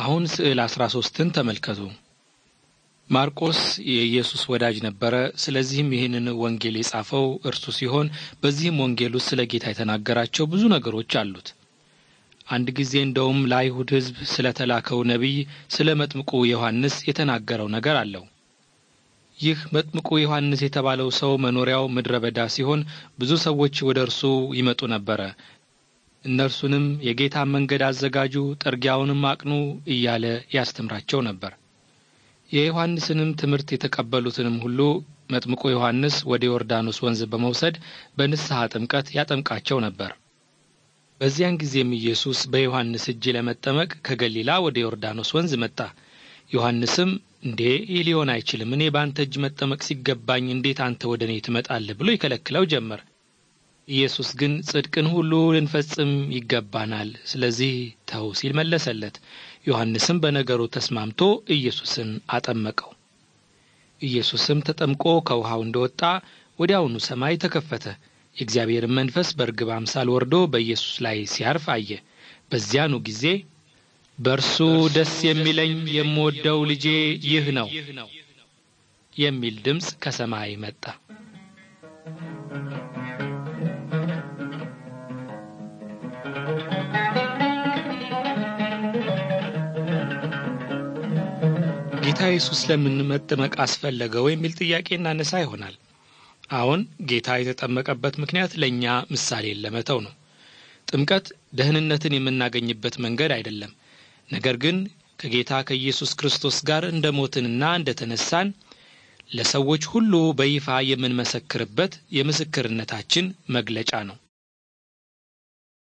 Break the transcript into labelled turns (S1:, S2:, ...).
S1: አሁን ስዕል አስራ ሶስትን ተመልከቱ። ማርቆስ የኢየሱስ ወዳጅ ነበረ። ስለዚህም ይህንን ወንጌል የጻፈው እርሱ ሲሆን በዚህም ወንጌል ውስጥ ስለ ጌታ የተናገራቸው ብዙ ነገሮች አሉት። አንድ ጊዜ እንደውም ለአይሁድ ሕዝብ ስለ ተላከው ነቢይ ስለ መጥምቁ ዮሐንስ የተናገረው ነገር አለው። ይህ መጥምቁ ዮሐንስ የተባለው ሰው መኖሪያው ምድረ በዳ ሲሆን ብዙ ሰዎች ወደ እርሱ ይመጡ ነበረ። እነርሱንም የጌታን መንገድ አዘጋጁ፣ ጥርጊያውንም አቅኑ እያለ ያስተምራቸው ነበር። የዮሐንስንም ትምህርት የተቀበሉትንም ሁሉ መጥምቁ ዮሐንስ ወደ ዮርዳኖስ ወንዝ በመውሰድ በንስሐ ጥምቀት ያጠምቃቸው ነበር። በዚያን ጊዜም ኢየሱስ በዮሐንስ እጅ ለመጠመቅ ከገሊላ ወደ ዮርዳኖስ ወንዝ መጣ። ዮሐንስም እንዴ ይህ ሊሆን አይችልም፣ እኔ በአንተ እጅ መጠመቅ ሲገባኝ እንዴት አንተ ወደ እኔ ትመጣለህ ብሎ ይከለክለው ጀመር። ኢየሱስ ግን ጽድቅን ሁሉ ልንፈጽም ይገባናል፣ ስለዚህ ተው ሲል መለሰለት። ዮሐንስም በነገሩ ተስማምቶ ኢየሱስን አጠመቀው። ኢየሱስም ተጠምቆ ከውሃው እንደወጣ ወዲያውኑ ሰማይ ተከፈተ። የእግዚአብሔርን መንፈስ በርግብ አምሳል ወርዶ በኢየሱስ ላይ ሲያርፍ አየ። በዚያኑ ጊዜ በእርሱ ደስ የሚለኝ የምወደው ልጄ ይህ ነው የሚል ድምፅ ከሰማይ መጣ። ጌታ ኢየሱስ ለምን መጠመቅ አስፈለገው የሚል ጥያቄ እናነሳ ይሆናል። አሁን ጌታ የተጠመቀበት ምክንያት ለእኛ ምሳሌን ለመተው ነው። ጥምቀት ደህንነትን የምናገኝበት መንገድ አይደለም። ነገር ግን ከጌታ ከኢየሱስ ክርስቶስ ጋር እንደ ሞትንና እንደ ተነሳን ለሰዎች ሁሉ በይፋ የምንመሰክርበት የምስክርነታችን መግለጫ ነው።